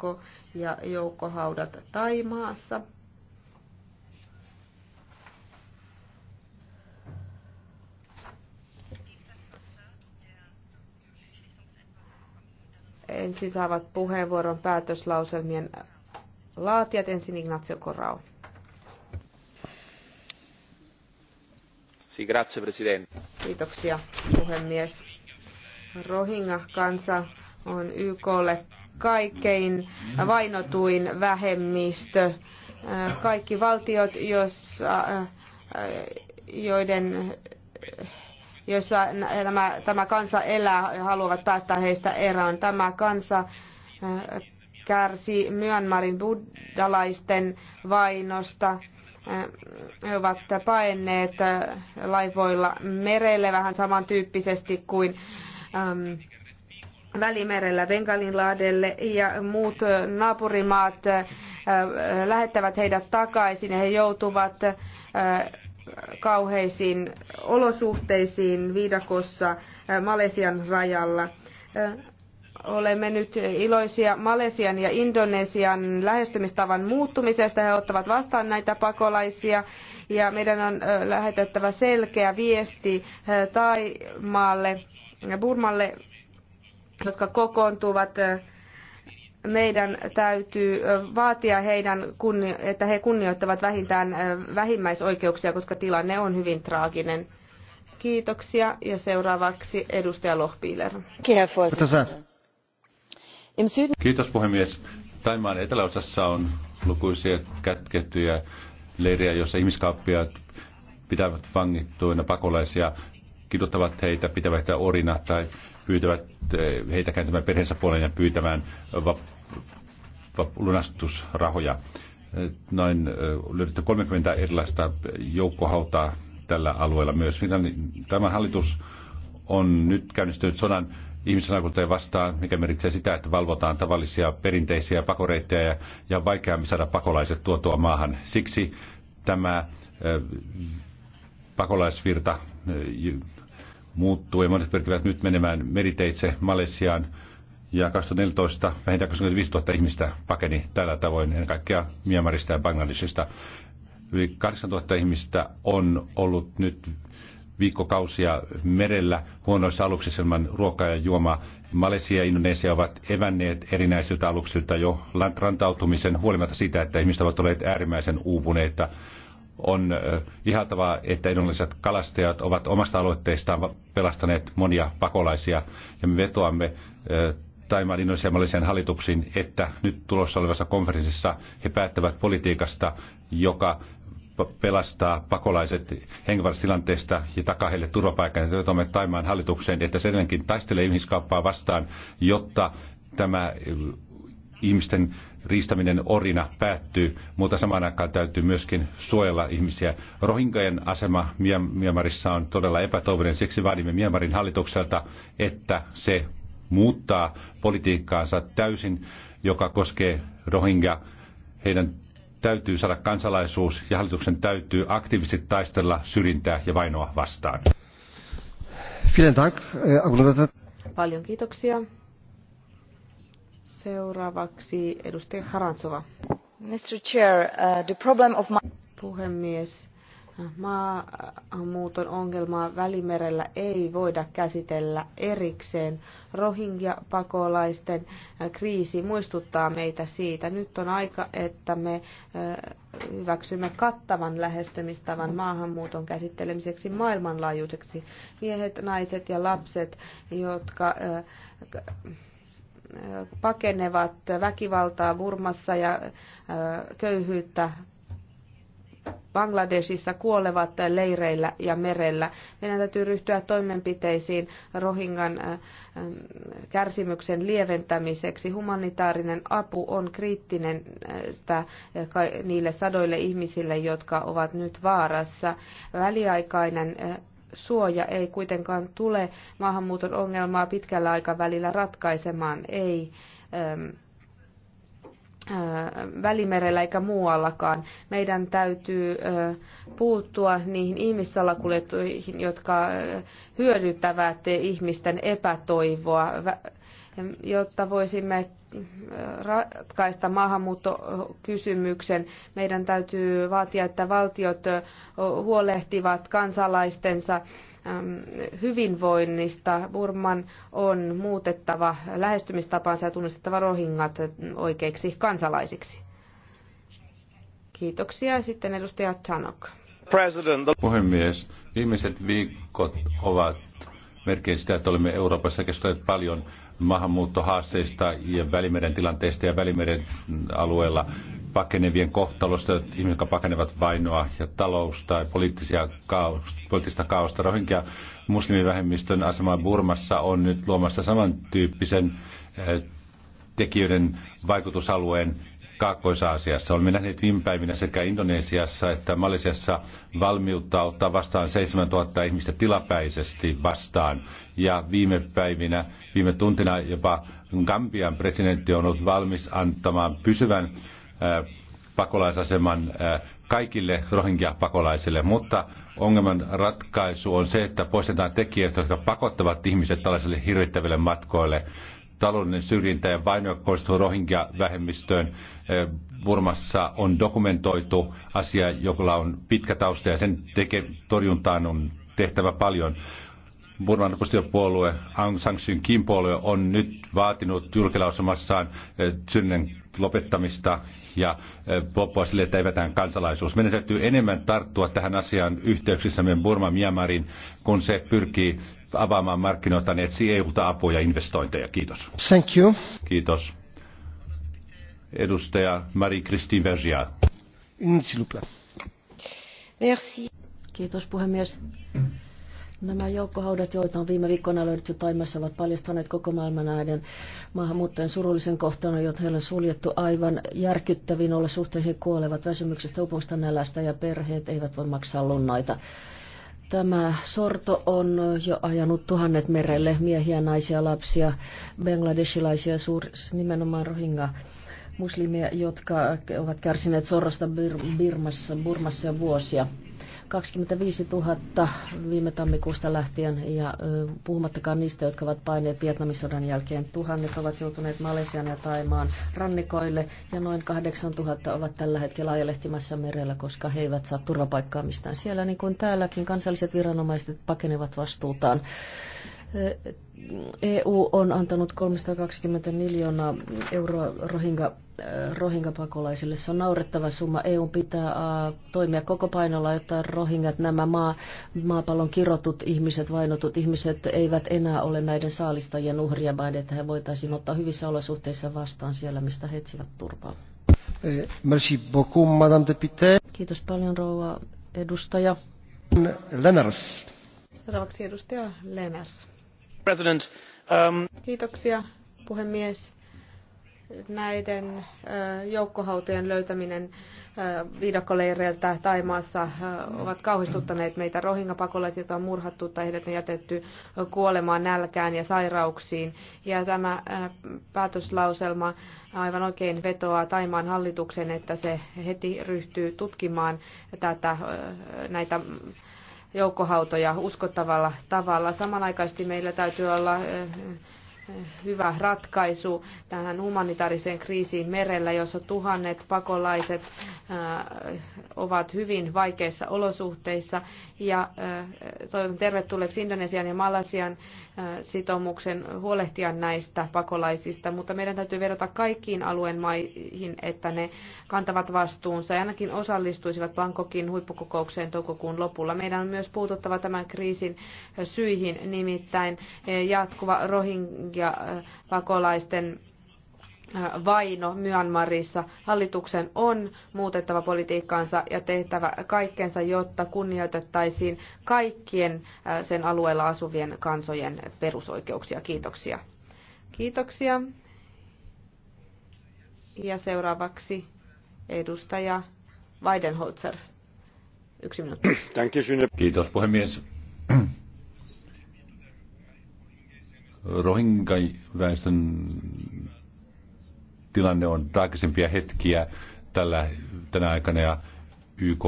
kirkko ja joukkohaudat Taimaassa. ensin saavat puheenvuoron päätöslauselmien laatijat. Ensin Ignacio Corrao. Si, grazie, presidente. Kiitoksia, puhemies. Rohingya-kansa on YKlle kaikkein vainotuin vähemmistö. Äh, kaikki valtiot, joissa, äh, joiden, joissa nämä, tämä kansa elää ja haluavat päästä heistä eroon. Tämä kansa äh, kärsi Myanmarin buddalaisten vainosta. He ovat paenneet laivoilla merelle vähän samantyyppisesti kuin ähm, Välimerellä Bengalinlaadelle ja muut naapurimaat äh, lähettävät heidät takaisin ja he joutuvat äh, kauheisiin olosuhteisiin viidakossa äh, Malesian rajalla. Olemme nyt iloisia Malesian ja Indonesian lähestymistavan muuttumisesta. He ottavat vastaan näitä pakolaisia ja meidän on lähetettävä selkeä viesti Taimaalle, Burmalle jotka kokoontuvat, meidän täytyy vaatia heidän, että he kunnioittavat vähintään vähimmäisoikeuksia, koska tilanne on hyvin traaginen. Kiitoksia ja seuraavaksi edustaja Lohpiiler. Kiitos puhemies. Taimaan eteläosassa on lukuisia kätkettyjä leirejä, joissa ihmiskauppiaat pitävät vangittuina pakolaisia, kiduttavat heitä, pitävät heitä orina tai pyytävät eh, heitä kääntämään perheensä puoleen ja pyytämään lunastusrahoja. Eh, noin eh, löydetty 30 erilaista joukkohautaa tällä alueella myös. Tämä hallitus on nyt käynnistynyt sodan ihmisalakuluttajia vastaan, mikä merkitsee sitä, että valvotaan tavallisia perinteisiä pakoreittejä ja, ja vaikeammin saada pakolaiset tuotua maahan. Siksi tämä pakolaisvirta muuttuu ja monet pyrkivät nyt menemään meriteitse Malesiaan. Ja 2014 vähintään 25 000 ihmistä pakeni tällä tavoin, ennen kaikkea Myanmarista ja Bangladesista. Yli 8 000 ihmistä on ollut nyt viikkokausia merellä huonoissa aluksissa ilman ruokaa ja juomaa. Malesia ja Indonesia ovat evänneet erinäisiltä aluksilta jo rantautumisen huolimatta siitä, että ihmiset ovat olleet äärimmäisen uupuneita. On ihaltavaa, että edulliset kalastajat ovat omasta aloitteistaan pelastaneet monia pakolaisia. Ja me vetoamme Taimaan innoisemmallisiin hallituksiin, että nyt tulossa olevassa konferenssissa he päättävät politiikasta, joka pelastaa pakolaiset hengenvaarallisesta ja takaa heille turvapaikan. Vetoamme Taimaan hallitukseen, että se edelleenkin taistelee ihmiskauppaa vastaan, jotta tämä ihmisten riistäminen orina päättyy, mutta samaan aikaan täytyy myöskin suojella ihmisiä. Rohingojen asema Myanmarissa on todella epätoivoinen, siksi vaadimme Myanmarin hallitukselta, että se muuttaa politiikkaansa täysin, joka koskee Rohingya. Heidän täytyy saada kansalaisuus ja hallituksen täytyy aktiivisesti taistella syrjintää ja vainoa vastaan. Äh, Paljon kiitoksia. Seuraavaksi edustaja Harantsova. Mr. Chair, uh, the problem of my... Puhemies, maahanmuuton ongelmaa Välimerellä ei voida käsitellä erikseen. Rohingya-pakolaisten äh, kriisi muistuttaa meitä siitä. Nyt on aika, että me äh, hyväksymme kattavan lähestymistavan maahanmuuton käsittelemiseksi maailmanlaajuiseksi. Miehet, naiset ja lapset, jotka äh, pakenevat väkivaltaa Burmassa ja köyhyyttä Bangladesissa kuolevat leireillä ja merellä. Meidän täytyy ryhtyä toimenpiteisiin Rohingan kärsimyksen lieventämiseksi. Humanitaarinen apu on kriittinen niille sadoille ihmisille, jotka ovat nyt vaarassa. Väliaikainen suoja ei kuitenkaan tule maahanmuuton ongelmaa pitkällä aikavälillä ratkaisemaan, ei äm, äh, Välimerellä eikä muuallakaan. Meidän täytyy äh, puuttua niihin ihmissalakuljettuihin, jotka äh, hyödyttävät ihmisten epätoivoa, jotta voisimme ratkaista maahanmuuttokysymyksen. Meidän täytyy vaatia, että valtiot huolehtivat kansalaistensa hyvinvoinnista. Burman on muutettava lähestymistapansa ja tunnistettava rohingat oikeiksi kansalaisiksi. Kiitoksia. Sitten edustaja Chanok. Puhemies, viimeiset viikot ovat merkein sitä, että olemme Euroopassa keskustelleet paljon maahanmuuttohaasteista ja Välimeren tilanteesta ja Välimeren alueella pakenevien kohtalosta, ihmiset, jotka pakenevat vainoa ja talousta ja poliittisia kaos, poliittista kaosta. Rohingya muslimivähemmistön asema Burmassa on nyt luomassa samantyyppisen eh, tekijöiden vaikutusalueen Kaakkois-Aasiassa. Olemme nähneet viime päivinä sekä Indonesiassa että Malesiassa valmiutta ottaa vastaan 7000 ihmistä tilapäisesti vastaan. Ja viime päivinä, viime tuntina jopa Gambian presidentti on ollut valmis antamaan pysyvän äh, pakolaisaseman äh, kaikille rohingya-pakolaisille, mutta ongelman ratkaisu on se, että poistetaan tekijät, jotka pakottavat ihmiset tällaisille hirvittäville matkoille taloudellinen syrjintä ja vaino kohdistuu Rohingya-vähemmistöön Burmassa on dokumentoitu asia, jolla on pitkä tausta ja sen teke, torjuntaan on tehtävä paljon. Burman oppositiopuolue Aung San Suu Kyin puolue on nyt vaatinut julkilausumassaan synnen lopettamista ja loppua sille, että evätään kansalaisuus. Meidän täytyy enemmän tarttua tähän asiaan yhteyksissämme Burma Myanmarin, kun se pyrkii avaamaan markkinoita, niin etsii EU-ta apua ja investointeja. Kiitos. Thank you. Kiitos. Edustaja Marie-Christine Vergia. Merci. Kiitos puhemies. Nämä joukkohaudat, joita on viime viikkoina löydetty Taimassa, ovat paljastaneet koko maailman näiden maahanmuuttajien surullisen kohtaan, jota heillä on suljettu aivan järkyttäviin olla kuolevat väsymyksestä, upumusta, nälästä ja perheet eivät voi maksaa lunnaita. Tämä sorto on jo ajanut tuhannet merelle miehiä, naisia, lapsia, bangladesilaisia, suur, nimenomaan rohinga muslimia, jotka ovat kärsineet sorrosta Bir- Birmassa, Burmassa jo vuosia. 25 000 viime tammikuusta lähtien ja puhumattakaan niistä, jotka ovat paineet Vietnamin sodan jälkeen. Tuhannet ovat joutuneet Malesian ja Taimaan rannikoille ja noin 8 000 ovat tällä hetkellä ajelehtimassa merellä, koska he eivät saa turvapaikkaa mistään siellä, niin kuin täälläkin kansalliset viranomaiset pakenevat vastuutaan. EU on antanut 320 miljoonaa euroa rohinga, rohingapakolaisille. Se on naurettava summa. EU pitää toimia koko painolla, jotta rohingat, nämä maa, maapallon kirotut ihmiset, vainotut ihmiset eivät enää ole näiden saalistajien uhria, vaan että he voitaisiin ottaa hyvissä olosuhteissa vastaan siellä, mistä he etsivät turvaa. Merci beaucoup, Madame Depite. Kiitos paljon, rouva edustaja. Lenners. Seuraavaksi edustaja Lenners arvoisa um, Kiitoksia, puhemies. Näiden joukkohautojen löytäminen viidakkoleireiltä Taimaassa ovat kauhistuttaneet meitä. Rohingya-pakolaisia on murhattu tai heidät on jätetty kuolemaan nälkään ja sairauksiin. Ja tämä päätöslauselma aivan oikein vetoaa Taimaan hallituksen, että se heti ryhtyy tutkimaan tätä, näitä joukkohautoja uskottavalla tavalla. Samanaikaisesti meillä täytyy olla eh, eh, hyvä ratkaisu tähän humanitaariseen kriisiin merellä, jossa tuhannet pakolaiset eh, ovat hyvin vaikeissa olosuhteissa. Ja toivon tervetulleeksi Indonesian ja Malasian sitoumuksen huolehtia näistä pakolaisista, mutta meidän täytyy vedota kaikkiin alueen maihin, että ne kantavat vastuunsa ja ainakin osallistuisivat Bangkokin huippukokoukseen toukokuun lopulla. Meidän on myös puututtava tämän kriisin syihin, nimittäin jatkuva rohingya-pakolaisten Äh, vaino Myanmarissa. Hallituksen on muutettava politiikkaansa ja tehtävä kaikkensa, jotta kunnioitettaisiin kaikkien äh, sen alueella asuvien kansojen perusoikeuksia. Kiitoksia. Kiitoksia. Ja seuraavaksi edustaja Weidenholzer. Yksi minuutti. Kiitos puhemies. Rohingya-väestön tilanne on traagisempia hetkiä tällä, tänä aikana ja YK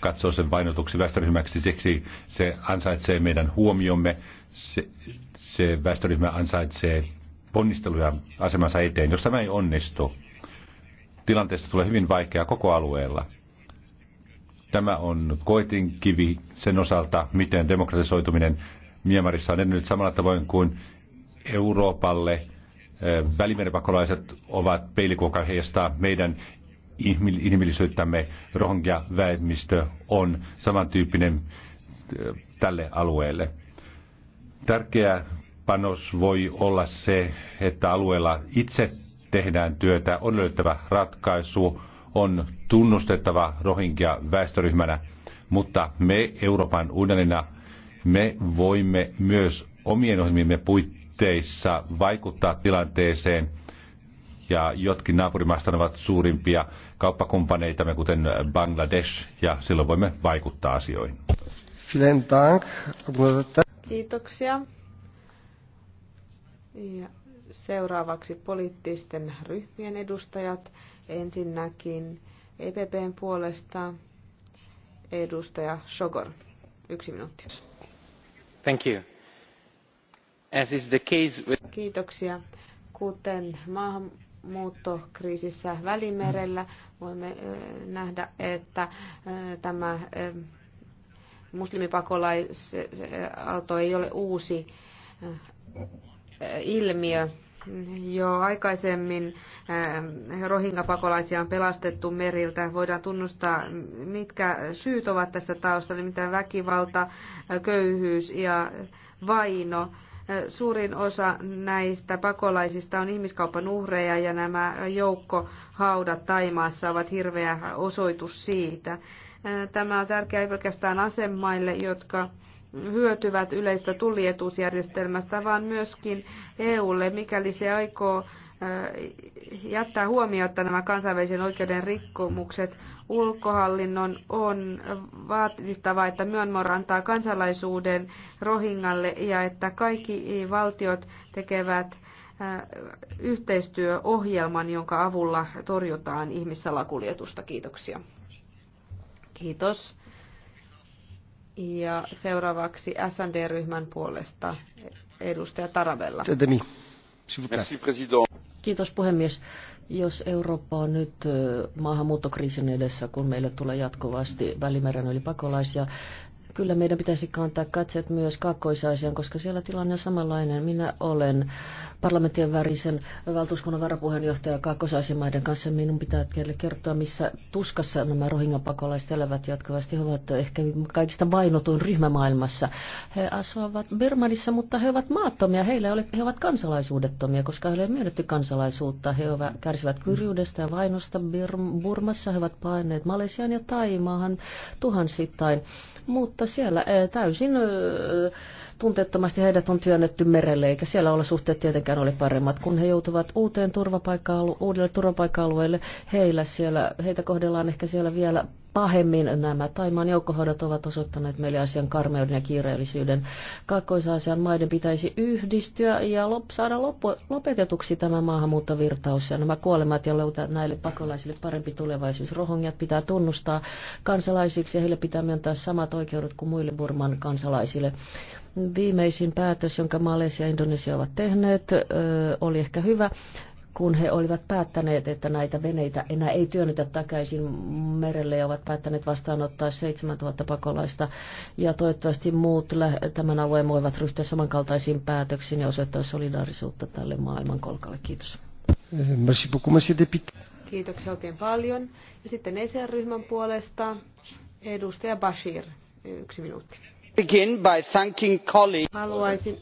katsoo sen vainotuksi väestöryhmäksi, siksi se ansaitsee meidän huomiomme, se, se väestöryhmä ansaitsee ponnisteluja asemansa eteen. Jos tämä ei onnistu, tilanteesta tulee hyvin vaikea koko alueella. Tämä on koetinkivi sen osalta, miten demokratisoituminen Myanmarissa on edennyt samalla tavoin kuin Euroopalle – välimerenpakolaiset ovat peilikuoka heijastaa meidän inhimillisyyttämme. Rohingya-väestö on samantyyppinen tälle alueelle. Tärkeä panos voi olla se, että alueella itse tehdään työtä, on löydettävä ratkaisu, on tunnustettava Rohingya väestöryhmänä, mutta me Euroopan unionina, me voimme myös omien ohjelmiemme puitteissa puitteissa vaikuttaa tilanteeseen. Ja jotkin naapurimaista ovat suurimpia kauppakumppaneitamme, kuten Bangladesh, ja silloin voimme vaikuttaa asioihin. Kiitoksia. Ja seuraavaksi poliittisten ryhmien edustajat. Ensinnäkin EPPn puolesta edustaja Sogor. Yksi minuutti. Thank you. As is the case with... Kiitoksia. Kuten maahanmuuttokriisissä Välimerellä voimme nähdä, että tämä muslimipakolaisaalto ei ole uusi ilmiö. Jo aikaisemmin rohingapakolaisia on pelastettu meriltä. Voidaan tunnustaa, mitkä syyt ovat tässä taustalla, mitä väkivalta, köyhyys ja vaino. Suurin osa näistä pakolaisista on ihmiskaupan uhreja ja nämä joukkohaudat Taimaassa ovat hirveä osoitus siitä. Tämä on tärkeää ei pelkästään asemaille, jotka hyötyvät yleistä tullietuusjärjestelmästä, vaan myöskin EUlle, mikäli se aikoo jättää huomiota nämä kansainvälisen oikeuden rikkomukset. Ulkohallinnon on vaatittava, että Myönmor antaa kansalaisuuden Rohingalle ja että kaikki valtiot tekevät yhteistyöohjelman, jonka avulla torjutaan ihmissalakuljetusta. Kiitoksia. Kiitos. Ja seuraavaksi SND-ryhmän puolesta edustaja Taravella. Merci, président Kiitos puhemies. Jos Eurooppa on nyt maahanmuuttokriisin edessä, kun meille tulee jatkuvasti Välimeren yli pakolaisia, Kyllä meidän pitäisi kantaa katseet myös kaakkois koska siellä tilanne on samanlainen. Minä olen parlamenttien värisen valtuuskunnan varapuheenjohtaja kaakkois maiden kanssa. Minun pitää kertoa, missä tuskassa nämä rohingapakolaiset elävät jatkuvasti. He ovat ehkä kaikista vainotuin ryhmä maailmassa. He asuvat Birmanissa, mutta he ovat maattomia. Heillä ole, he ovat kansalaisuudettomia, koska heille ei myönnetty kansalaisuutta. He ovat, kärsivät kyrjyydestä ja vainosta Burmassa. He ovat paineet Malesian ja Taimaahan tuhansittain. Mutta mutta siellä eh, täysin eh, Tunteettomasti heidät on työnnetty merelle, eikä siellä ole suhteet tietenkään ole paremmat. Kun he joutuvat uuteen turvapaikka uudelle turvapaikka-alueelle, heillä siellä, heitä kohdellaan ehkä siellä vielä pahemmin nämä Taimaan joukkohoidot ovat osoittaneet meille asian karmeuden ja kiireellisyyden. Kaakkois-Aasian maiden pitäisi yhdistyä ja lop, saada loppu, lopetetuksi tämä maahanmuuttovirtaus ja nämä kuolemat ja löytää näille pakolaisille parempi tulevaisuus. Rohongiat pitää tunnustaa kansalaisiksi ja heille pitää myöntää samat oikeudet kuin muille Burman kansalaisille. Viimeisin päätös, jonka Malesia ja Indonesia ovat tehneet, oli ehkä hyvä, kun he olivat päättäneet, että näitä veneitä enää ei työnnetä takaisin merelle ja ovat päättäneet vastaanottaa 7000 pakolaista. Ja toivottavasti muut tämän alueen voivat ryhtyä samankaltaisiin päätöksiin ja osoittaa solidaarisuutta tälle maailmankolkalle. Kiitos. Merci beaucoup, monsieur Kiitoksia oikein paljon. Ja sitten ECR-ryhmän puolesta edustaja Bashir, yksi minuutti. Haluaisin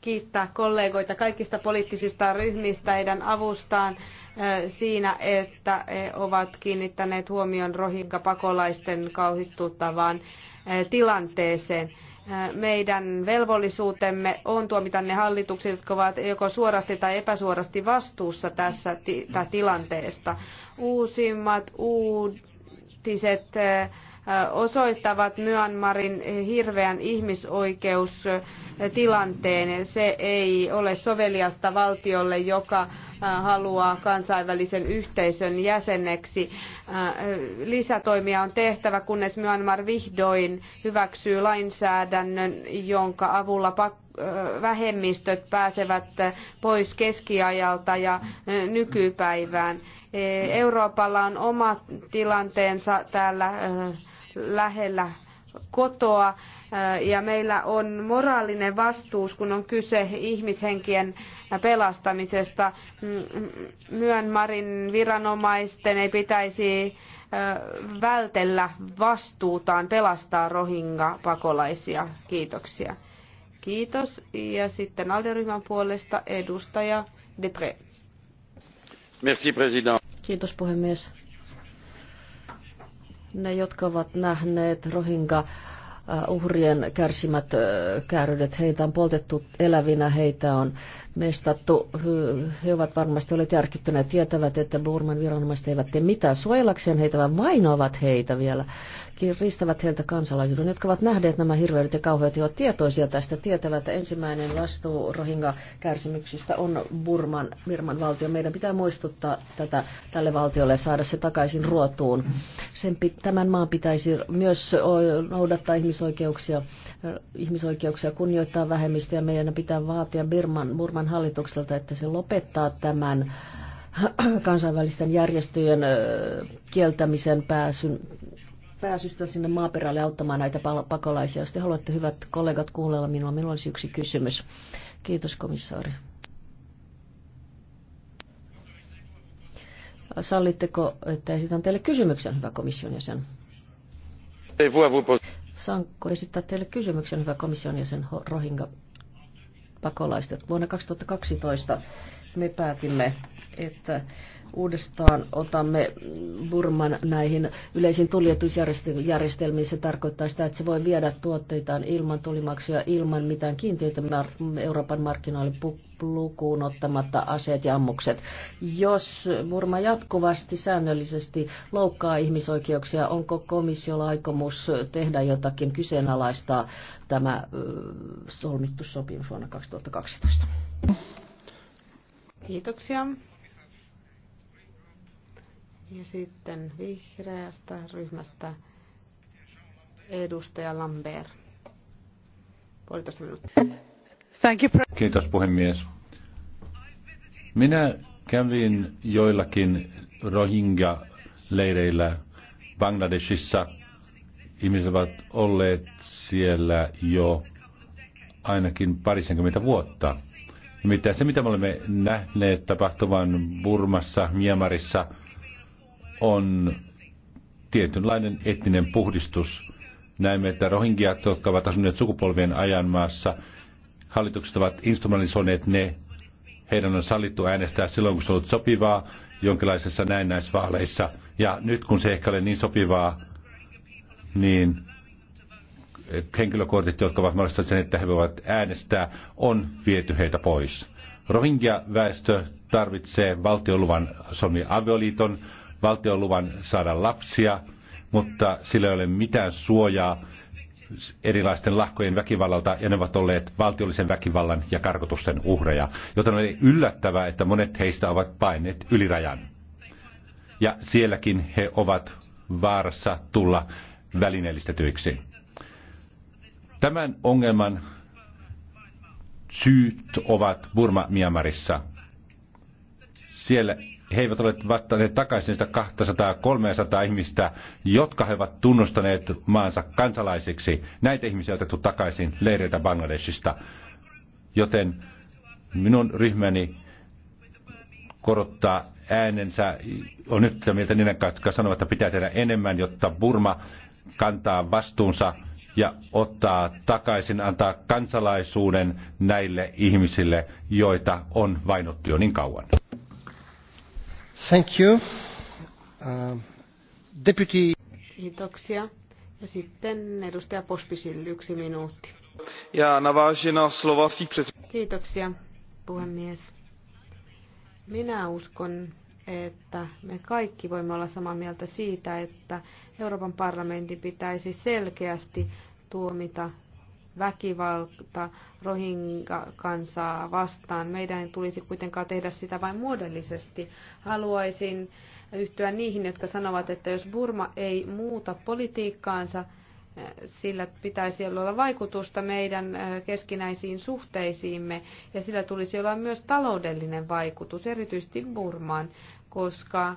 kiittää kollegoita kaikista poliittisista ryhmistä heidän avustaan eh, siinä, että he ovat kiinnittäneet huomion rohingya-pakolaisten kauhistuttavaan eh, tilanteeseen. Eh, meidän velvollisuutemme on tuomita ne hallitukset, jotka ovat joko suorasti tai epäsuorasti vastuussa tässä tilanteesta. Uusimmat uutiset äh, osoittavat Myanmarin hirveän ihmisoikeustilanteen. Se ei ole soveliasta valtiolle, joka haluaa kansainvälisen yhteisön jäseneksi. Lisätoimia on tehtävä, kunnes Myanmar vihdoin hyväksyy lainsäädännön, jonka avulla vähemmistöt pääsevät pois keskiajalta ja nykypäivään. E, Euroopalla on oma tilanteensa täällä lähellä kotoa ja meillä on moraalinen vastuus, kun on kyse ihmishenkien pelastamisesta. Myönmarin viranomaisten ei pitäisi vältellä vastuutaan pelastaa rohingya-pakolaisia. Kiitoksia. Kiitos. Ja sitten alderyhmän puolesta edustaja Depre. Merci, president. Kiitos puhemies ne, jotka ovat nähneet rohinga uhrien kärsimät kääryydet, heitä on poltettu elävinä, heitä on mestattu. He ovat varmasti olleet järkyttyneet, tietävät, että Burman viranomaiset eivät tee mitään suojelakseen heitä, vaan vainoavat heitä vielä. kiristävät heiltä kansalaisuuden, jotka ovat nähneet nämä hirveydet ja kauheat, ja ovat tietoisia tästä, tietävät, että ensimmäinen vastuu rohinga kärsimyksistä on Burman, Birman valtio. Meidän pitää muistuttaa tätä tälle valtiolle ja saada se takaisin ruotuun. Sen, tämän maan pitäisi myös noudattaa ihmisoikeuksia, ihmisoikeuksia kunnioittaa vähemmistöjä. Meidän pitää vaatia Birman, Burman Puolan hallitukselta, että se lopettaa tämän kansainvälisten järjestöjen kieltämisen pääsyn pääsystä sinne maaperälle auttamaan näitä pakolaisia. Jos te haluatte, hyvät kollegat, kuunnella minua, minulla olisi yksi kysymys. Kiitos, komissaari. Sallitteko, että esitän teille kysymyksen, hyvä komission jäsen? Saanko esittää teille kysymyksen, hyvä komission jäsen Rohinga pakolaiset. Vuonna 2012 me päätimme, että uudestaan otamme Burman näihin yleisiin tuljetusjärjestelmiin. Se tarkoittaa sitä, että se voi viedä tuotteitaan ilman tulimaksuja, ilman mitään kiintiöitä Euroopan markkinoille lukuun ottamatta aseet ja ammukset. Jos Burma jatkuvasti säännöllisesti loukkaa ihmisoikeuksia, onko komissiolla aikomus tehdä jotakin kyseenalaista tämä solmittu sopimus vuonna 2012? Kiitoksia. Ja sitten vihreästä ryhmästä edustaja Lambert. Puolitoista minuuttia. Kiitos puhemies. Minä kävin joillakin Rohingya-leireillä Bangladesissa. Ihmiset ovat olleet siellä jo ainakin parisenkymmentä vuotta. Nimittäin se, mitä me olemme nähneet tapahtuvan Burmassa, Miemarissa – on tietynlainen etninen puhdistus. Näemme, että rohingiat, jotka ovat asuneet sukupolvien ajan maassa, hallitukset ovat instrumentalisoineet ne. Heidän on sallittu äänestää silloin, kun se on ollut sopivaa jonkinlaisessa näennäisvaaleissa. Ja nyt kun se ehkä ole niin sopivaa, niin henkilökortit, jotka ovat mahdollistaneet sen, että he voivat äänestää, on viety heitä pois. Rohingya-väestö tarvitsee valtioluvan solmia avioliiton, valtion luvan saada lapsia, mutta sillä ei ole mitään suojaa erilaisten lahkojen väkivallalta ja ne ovat olleet valtiollisen väkivallan ja karkotusten uhreja, joten on yllättävää, että monet heistä ovat paineet ylirajan. Ja sielläkin he ovat vaarassa tulla välineellistetyiksi. Tämän ongelman syyt ovat Burma miamarissa Siellä he eivät ole vastanneet takaisin sitä 200-300 ihmistä, jotka he ovat tunnustaneet maansa kansalaisiksi. Näitä ihmisiä on otettu takaisin leireiltä Bangladesista. Joten minun ryhmäni korottaa äänensä, on nyt sitä mieltä niiden kanssa, jotka sanovat, että pitää tehdä enemmän, jotta Burma kantaa vastuunsa ja ottaa takaisin, antaa kansalaisuuden näille ihmisille, joita on vainottu jo niin kauan. Thank you. Uh, deputy... Kiitoksia. Ja sitten edustaja Pospisil yksi minuutti. Ja naváži slova Kiitoksia, puhemies. Minä uskon, että me kaikki voimme olla samaa mieltä siitä, että Euroopan parlamentin pitäisi selkeästi tuomita väkivalta Rohingya-kansaa vastaan. Meidän ei tulisi kuitenkaan tehdä sitä vain muodollisesti. Haluaisin yhtyä niihin, jotka sanovat, että jos Burma ei muuta politiikkaansa, eh, sillä pitäisi olla vaikutusta meidän eh, keskinäisiin suhteisiimme ja sillä tulisi olla myös taloudellinen vaikutus, erityisesti Burmaan, koska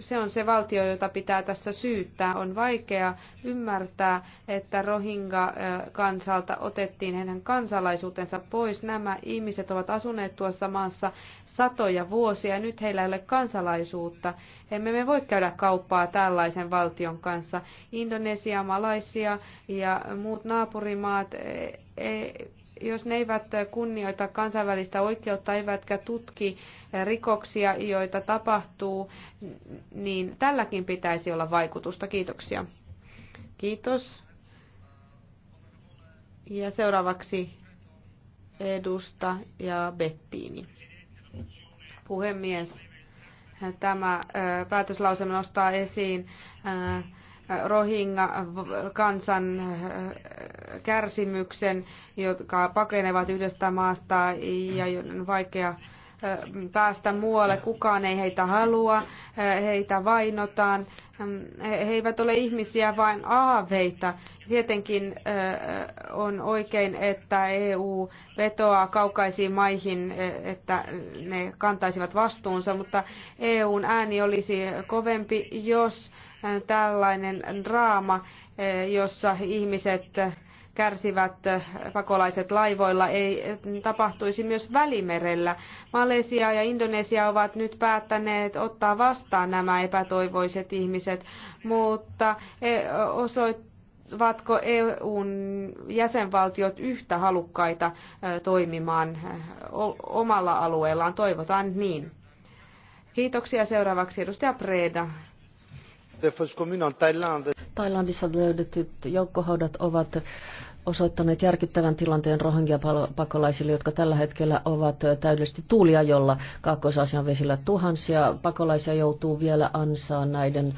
se on se valtio, jota pitää tässä syyttää. On vaikea ymmärtää, että Rohingya-kansalta otettiin heidän kansalaisuutensa pois. Nämä ihmiset ovat asuneet tuossa maassa satoja vuosia ja nyt heillä ei ole kansalaisuutta. Emme me voi käydä kauppaa tällaisen valtion kanssa. Indonesia, Malaisia ja muut naapurimaat e, e, jos ne eivät kunnioita kansainvälistä oikeutta eivätkä tutki rikoksia, joita tapahtuu, niin tälläkin pitäisi olla vaikutusta. Kiitoksia. Kiitos. Ja seuraavaksi edusta ja Bettiini. Puhemies, tämä päätöslause nostaa esiin Rohingya-kansan eh, kärsimyksen, jotka pakenevat yhdestä maasta ja on vaikea eh, päästä muualle. Kukaan ei heitä halua, eh, heitä vainotaan. He eivät ole ihmisiä, vain aaveita. Tietenkin on oikein, että EU vetoaa kaukaisiin maihin, että ne kantaisivat vastuunsa, mutta EUn ääni olisi kovempi, jos tällainen draama, eh, jossa ihmiset kärsivät eh, pakolaiset laivoilla ei eh, tapahtuisi myös Välimerellä. Malesia ja Indonesia ovat nyt päättäneet ottaa vastaan nämä epätoivoiset ihmiset, mutta osoivatko EUn jäsenvaltiot yhtä halukkaita toimimaan omalla alueellaan? Toivotaan niin. Kiitoksia. Seuraavaksi edustaja Preda. Thailandissa löydetyt joukkohaudat ovat osoittaneet järkyttävän tilanteen rohingya-pakolaisille, jotka tällä hetkellä ovat täydellisesti tuuliajolla Kaakkois-Aasian vesillä. Tuhansia pakolaisia joutuu vielä ansaan näiden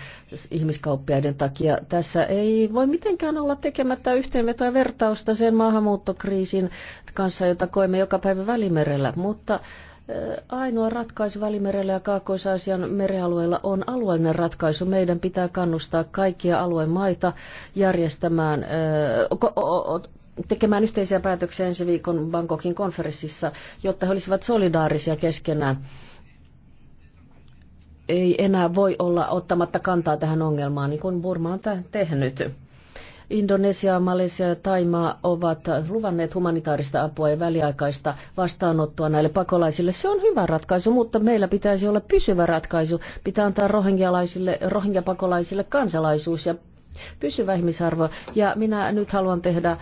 ihmiskauppiaiden takia. Tässä ei voi mitenkään olla tekemättä yhteenvetoa vertausta sen maahanmuuttokriisin kanssa, jota koemme joka päivä Välimerellä, mutta Ainoa ratkaisu Välimerellä ja Kaakkois-Aasian merialueella on alueellinen ratkaisu. Meidän pitää kannustaa kaikkia alueen maita järjestämään, tekemään yhteisiä päätöksiä ensi viikon Bangkokin konferenssissa, jotta he olisivat solidaarisia keskenään ei enää voi olla ottamatta kantaa tähän ongelmaan, niin kuin Burma on tehnyt. Indonesia, Malesia ja Taimaa ovat luvanneet humanitaarista apua ja väliaikaista vastaanottoa näille pakolaisille. Se on hyvä ratkaisu, mutta meillä pitäisi olla pysyvä ratkaisu. Pitää antaa rohingyalaisille, rohingyapakolaisille kansalaisuus ja pysyvä ihmisarvo. Ja minä nyt haluan tehdä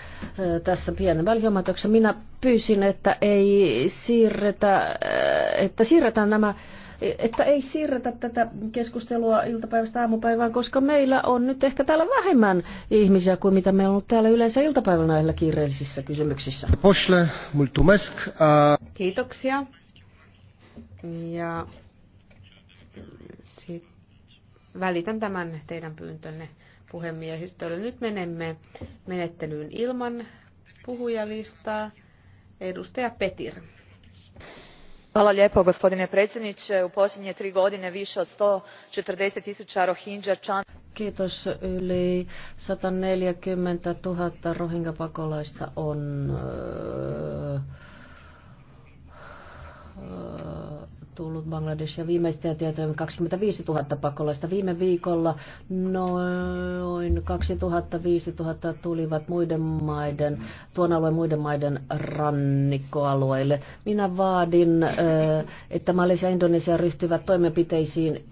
tässä pienen väliomatuksen. Minä pyysin, että ei siirretä, että siirretään nämä että ei siirretä tätä keskustelua iltapäivästä aamupäivään, koska meillä on nyt ehkä täällä vähemmän ihmisiä kuin mitä meillä on ollut täällä yleensä iltapäivänä näillä kiireellisissä kysymyksissä. multumesk. Kiitoksia. Ja sit välitän tämän teidän pyyntönne puhemiehistölle. Nyt menemme menettelyyn ilman puhujalistaa. Edustaja Petir gospodine predsjednie u posljednje tri godine vie od sata forty tisua rohingya rohingya pakolaista on tullut Bangladesia viimeisten tietojen 25 000 pakolaista. Viime viikolla noin 2000-5 000 tulivat muiden maiden, tuon alueen muiden maiden rannikkoalueille. Minä vaadin, että Malesia ja Indonesia ryhtyvät toimenpiteisiin,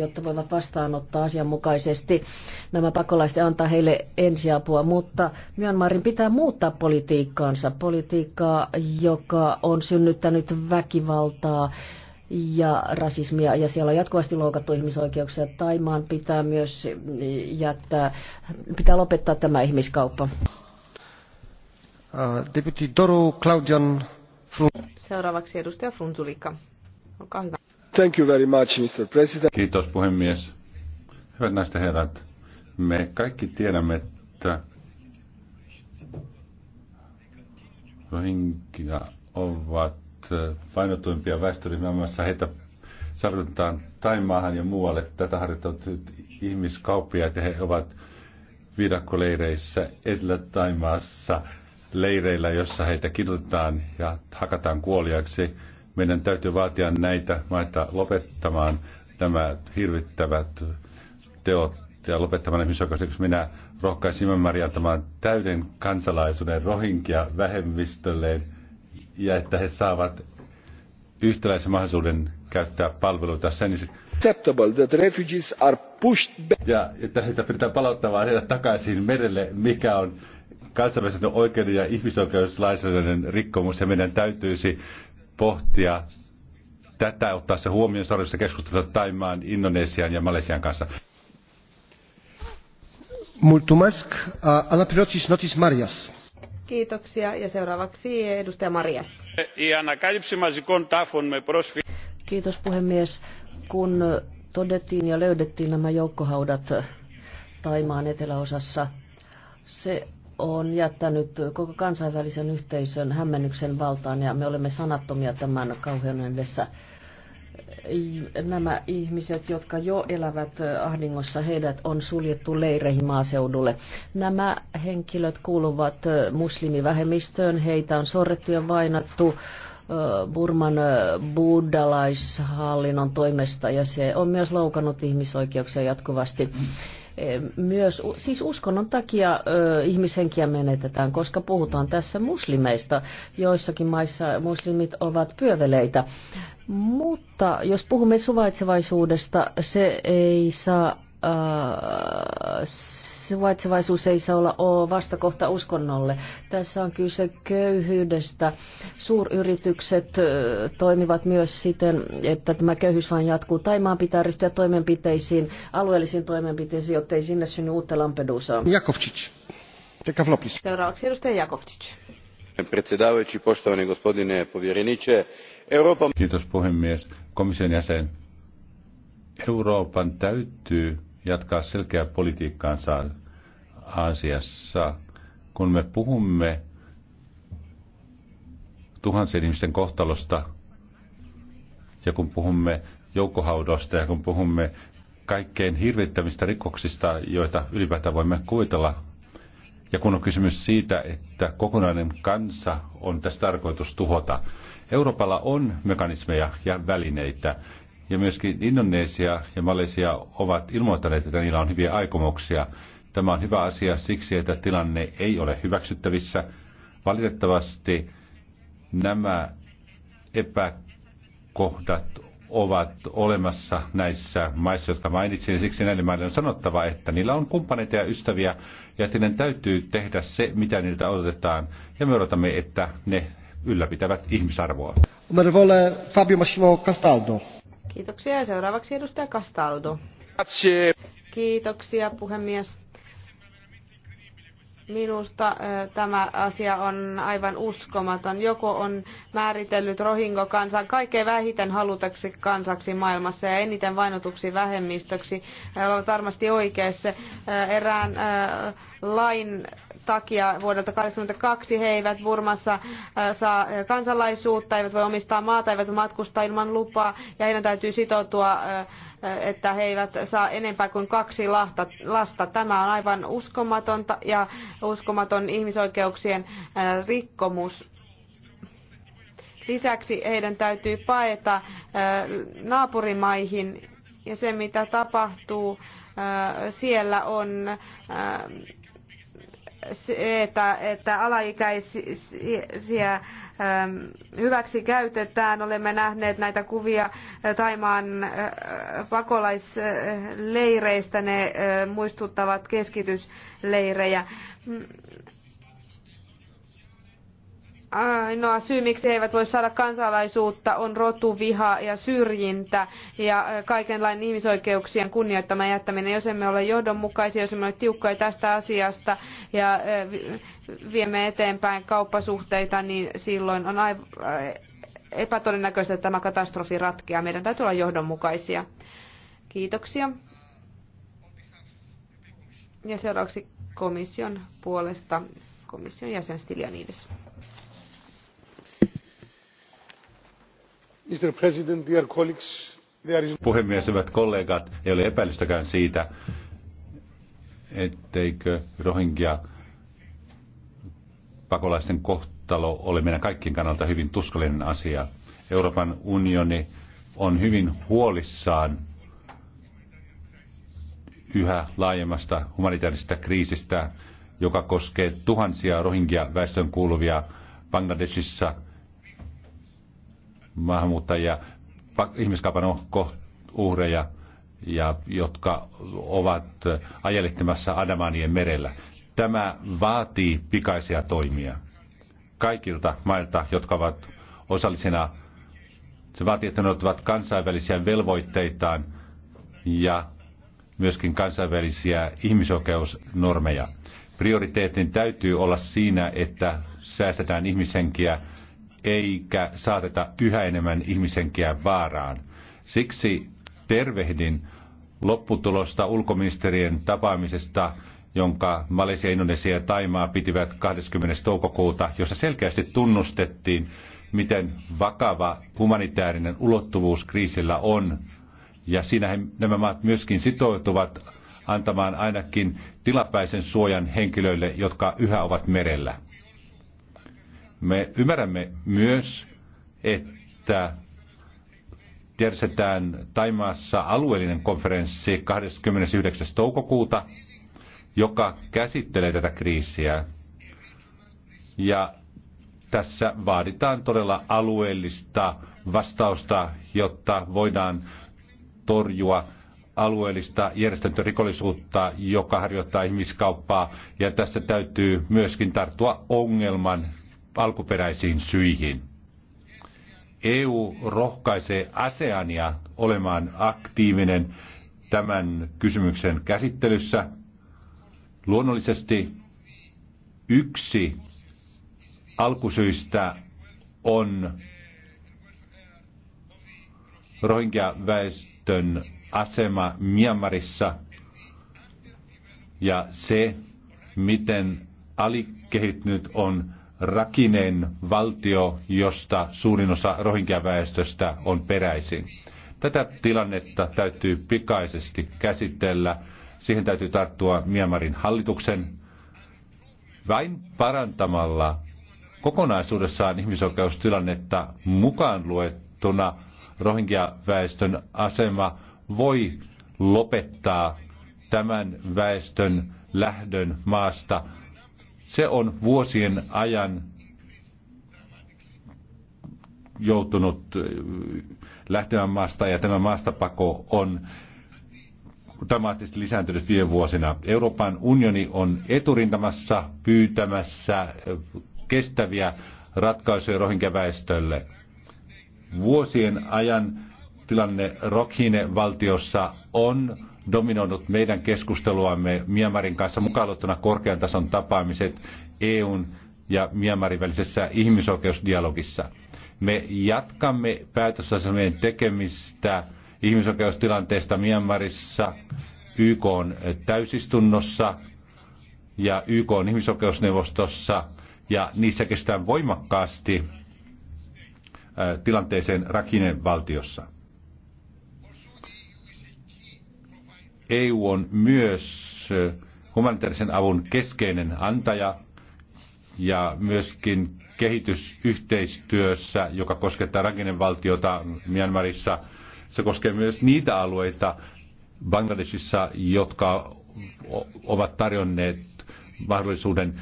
jotta voivat vastaanottaa asianmukaisesti nämä pakolaiset ja antaa heille ensiapua, mutta Myanmarin pitää muuttaa politiikkaansa, politiikkaa, joka on synnyttänyt väkivaltaa ja rasismia, ja siellä on jatkuvasti loukattu ihmisoikeuksia. Taimaan pitää myös jättää, pitää lopettaa tämä ihmiskauppa. Uh, deputy Doru Claudian Seuraavaksi edustaja Fruntulika. Olkaa hyvä. Thank you very much, Mr. President. Kiitos puhemies. Hyvät naiset herrat, me kaikki tiedämme, että Rohingya ovat painotuimpia väestöryhmiä, muassa heitä sarjoitetaan Taimaahan ja muualle. Tätä harjoittavat ihmiskauppia, että he ovat viidakkoleireissä Etelä-Taimaassa leireillä, jossa heitä kidutetaan ja hakataan kuoliaksi. Meidän täytyy vaatia näitä maita lopettamaan nämä hirvittävät teot ja lopettamaan ihmisoikeuksia, minä rohkaisin Maria antamaan täyden kansalaisuuden rohinkia vähemmistölleen, ja että he saavat yhtäläisen mahdollisuuden käyttää palveluita sen. Acceptable that refugees are pushed back. Ja että heitä pitää palauttamaan heidät takaisin merelle, mikä on kansainvälisen oikeuden ja ihmisoikeuslainsäädännön rikkomus, ja meidän täytyisi pohtia tätä, ottaa se huomioon seuraavassa keskustelussa Taimaan, Indonesian ja Malesian kanssa. Mulțumesc. Uh, Alapirotis Notis Marias Kiitoksia ja seuraavaksi edustaja Marias. Kiitos puhemies. Kun todettiin ja löydettiin nämä joukkohaudat Taimaan eteläosassa, se on jättänyt koko kansainvälisen yhteisön hämmennyksen valtaan ja me olemme sanattomia tämän kauheuden edessä nämä ihmiset, jotka jo elävät ahdingossa, heidät on suljettu leireihin maaseudulle. Nämä henkilöt kuuluvat muslimivähemmistöön, heitä on sorrettu ja vainattu Burman buddalaishallinnon toimesta ja se on myös loukannut ihmisoikeuksia jatkuvasti myös siis uskonnon takia ihmishenkiä menetetään, koska puhutaan tässä muslimeista. Joissakin maissa muslimit ovat pyöveleitä. Mutta jos puhumme suvaitsevaisuudesta, se ei saa suvaitsevaisuus ei saa olla vastakohta uskonnolle. Tässä on kyse köyhyydestä. Suuryritykset toimivat myös siten, että tämä köyhyys vain jatkuu. Taimaan pitää ryhtyä toimenpiteisiin, alueellisiin toimenpiteisiin, jotta ei sinne synny uutta Lampedusaa. Jakovčić. Seuraavaksi edustaja Jakovčić. Predsjedavajući, poštovani gospodine povjereniče, Euroopan... Kiitos puhemies. Komission jäsen, Euroopan täytyy jatkaa selkeää politiikkaansa Aasiassa, kun me puhumme tuhansien ihmisten kohtalosta ja kun puhumme joukkohaudosta ja kun puhumme kaikkein hirvittävistä rikoksista, joita ylipäätään voimme kuvitella. Ja kun on kysymys siitä, että kokonainen kansa on tässä tarkoitus tuhota. Euroopalla on mekanismeja ja välineitä. Ja myöskin Indonesia ja Malesia ovat ilmoittaneet, että niillä on hyviä aikomuksia. Tämä on hyvä asia siksi, että tilanne ei ole hyväksyttävissä. Valitettavasti nämä epäkohdat ovat olemassa näissä maissa, jotka mainitsin. Siksi näille maille on sanottava, että niillä on kumppaneita ja ystäviä, ja että niiden täytyy tehdä se, mitä niiltä odotetaan. Ja me odotamme, että ne ylläpitävät ihmisarvoa. Fabio Massimo Castaldo. Kiitoksia. Ja seuraavaksi edustaja Castaldo. Kiitoksia, puhemies. Minusta tämä asia on aivan uskomaton. Joko on määritellyt Rohingo-kansan kaikkein vähiten halutaksi kansaksi maailmassa ja eniten vainotuksi vähemmistöksi. He ovat varmasti oikeassa. Erään lain takia vuodelta 1982 he eivät Burmassa äh, saa äh, kansalaisuutta, eivät voi omistaa maata, eivät matkustaa ilman lupaa ja heidän täytyy sitoutua äh, että he eivät saa enempää kuin kaksi lasta. Tämä on aivan uskomatonta ja uskomaton ihmisoikeuksien rikkomus. Lisäksi heidän täytyy paeta naapurimaihin ja se mitä tapahtuu siellä on että, että alaikäisiä ähm, hyväksi käytetään. Olemme nähneet näitä kuvia äh, Taimaan äh, pakolaisleireistä. Ne äh, muistuttavat keskitysleirejä. Mm, ainoa syy, miksi he eivät voi saada kansalaisuutta, on rotuviha ja syrjintä ja kaikenlainen ihmisoikeuksien kunnioittama jättäminen. Jos emme ole johdonmukaisia, jos emme ole tiukkoja tästä asiasta ja viemme eteenpäin kauppasuhteita, niin silloin on aivan epätodennäköistä, että tämä katastrofi ratkeaa. Meidän täytyy olla johdonmukaisia. Kiitoksia. Ja seuraavaksi komission puolesta komission jäsen Stiljanides. Puhemies, hyvät kollegat, ei ole epäilystäkään siitä, etteikö Rohingya pakolaisten kohtalo ole meidän kaikkien kannalta hyvin tuskallinen asia. Euroopan unioni on hyvin huolissaan yhä laajemmasta humanitaarisesta kriisistä, joka koskee tuhansia rohingya väestön kuuluvia Bangladesissa – maahanmuuttajia, ihmiskaupan uhreja, ja jotka ovat ajelehtimassa Adamanien merellä. Tämä vaatii pikaisia toimia kaikilta mailta, jotka ovat osallisena. Se vaatii, että ne ottavat kansainvälisiä velvoitteitaan ja myöskin kansainvälisiä ihmisoikeusnormeja. Prioriteetin täytyy olla siinä, että säästetään ihmishenkiä eikä saateta yhä enemmän ihmisenkiä vaaraan. Siksi tervehdin lopputulosta ulkoministerien tapaamisesta, jonka Malesia, Indonesia ja Taimaa pitivät 20. toukokuuta, jossa selkeästi tunnustettiin, miten vakava humanitaarinen ulottuvuus kriisillä on. Ja siinä he, nämä maat myöskin sitoutuvat antamaan ainakin tilapäisen suojan henkilöille, jotka yhä ovat merellä. Me ymmärrämme myös, että järjestetään Taimaassa alueellinen konferenssi 29. toukokuuta, joka käsittelee tätä kriisiä. Ja tässä vaaditaan todella alueellista vastausta, jotta voidaan torjua alueellista järjestäntörikollisuutta, joka harjoittaa ihmiskauppaa. Ja tässä täytyy myöskin tarttua ongelman alkuperäisiin syihin. EU rohkaisee ASEANia olemaan aktiivinen tämän kysymyksen käsittelyssä. Luonnollisesti yksi alkusyistä on rohingya-väestön asema Myanmarissa ja se, miten alikehittynyt on rakineen valtio, josta suurin osa rohinkiaväestöstä on peräisin. Tätä tilannetta täytyy pikaisesti käsitellä. Siihen täytyy tarttua Myanmarin hallituksen vain parantamalla kokonaisuudessaan ihmisoikeustilannetta mukaan luettuna rohinkiaväestön asema voi lopettaa tämän väestön lähdön maasta se on vuosien ajan joutunut lähtemään maasta ja tämä maastapako on dramaattisesti lisääntynyt viime vuosina. Euroopan unioni on eturintamassa pyytämässä kestäviä ratkaisuja rohinkäväestölle. Vuosien ajan tilanne Rokhine-valtiossa on dominoinut meidän keskusteluamme Myanmarin kanssa mukaan korkean tason tapaamiset EUn ja Myanmarin välisessä ihmisoikeusdialogissa. Me jatkamme päätösasemien tekemistä ihmisoikeustilanteesta Myanmarissa YK täysistunnossa ja YK ihmisoikeusneuvostossa ja niissä kestään voimakkaasti tilanteeseen Rakinen valtiossa. EU on myös humanitaarisen avun keskeinen antaja ja myöskin kehitysyhteistyössä, joka koskettaa rakennevaltiota Myanmarissa. Se koskee myös niitä alueita Bangladesissa, jotka ovat tarjonneet mahdollisuuden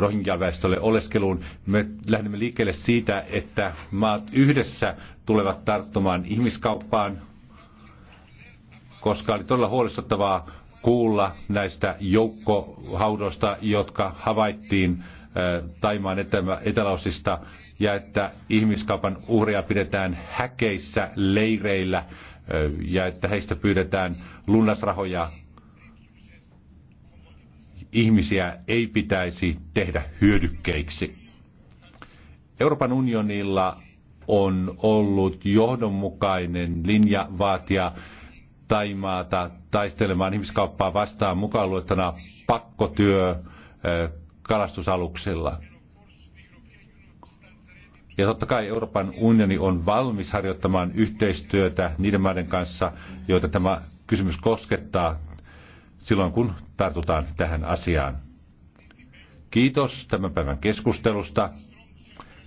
rohingya-väestölle oleskeluun. Me lähdemme liikkeelle siitä, että maat yhdessä tulevat tarttumaan ihmiskauppaan, koska oli todella huolestuttavaa kuulla näistä joukkohaudoista, jotka havaittiin Taimaan eteläosista ja että ihmiskaupan uhreja pidetään häkeissä, leireillä ja että heistä pyydetään lunnasrahoja. Ihmisiä ei pitäisi tehdä hyödykkeiksi. Euroopan unionilla on ollut johdonmukainen linja vaatia Taimaata taistelemaan ihmiskauppaa vastaan mukaan luettuna pakkotyö kalastusaluksilla. Ja totta kai Euroopan unioni on valmis harjoittamaan yhteistyötä niiden maiden kanssa, joita tämä kysymys koskettaa silloin, kun tartutaan tähän asiaan. Kiitos tämän päivän keskustelusta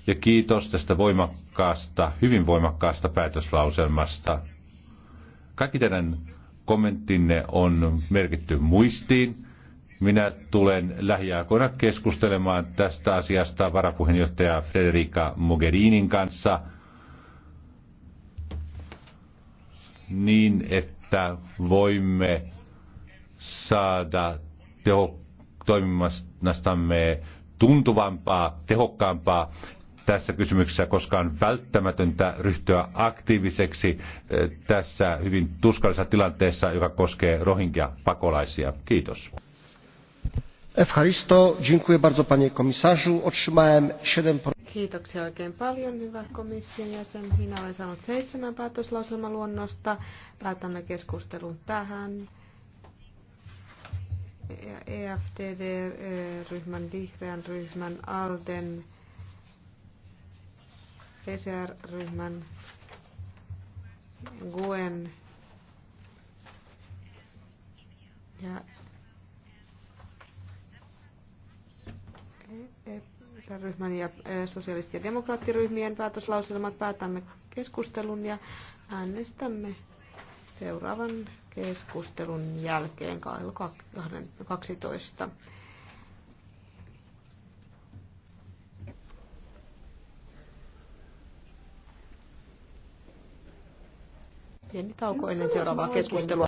ja kiitos tästä voimakkaasta, hyvin voimakkaasta päätöslauselmasta. Kaikki teidän kommenttinne on merkitty muistiin. Minä tulen lähiaikoina keskustelemaan tästä asiasta varapuheenjohtaja Frederika Mogherinin kanssa niin, että voimme saada teho, toimimastamme tuntuvampaa, tehokkaampaa tässä kysymyksessä, koskaan välttämätöntä ryhtyä aktiiviseksi eh, tässä hyvin tuskallisessa tilanteessa, joka koskee rohingya pakolaisia. Kiitos. Kiitoksia oikein paljon, hyvä komission jäsen. Minä olen saanut seitsemän päätöslauselmaluonnosta. Päätämme keskustelun tähän. EFDD-ryhmän, e eh, vihreän ryhmän, ALDEn pcr e ryhmän Guen ja e ryhmän ja e, sosialisti- ja demokraattiryhmien päätöslauselmat päätämme keskustelun ja äänestämme seuraavan keskustelun jälkeen kello 12. Pieni tauko ennen seuraavaa keskustelua.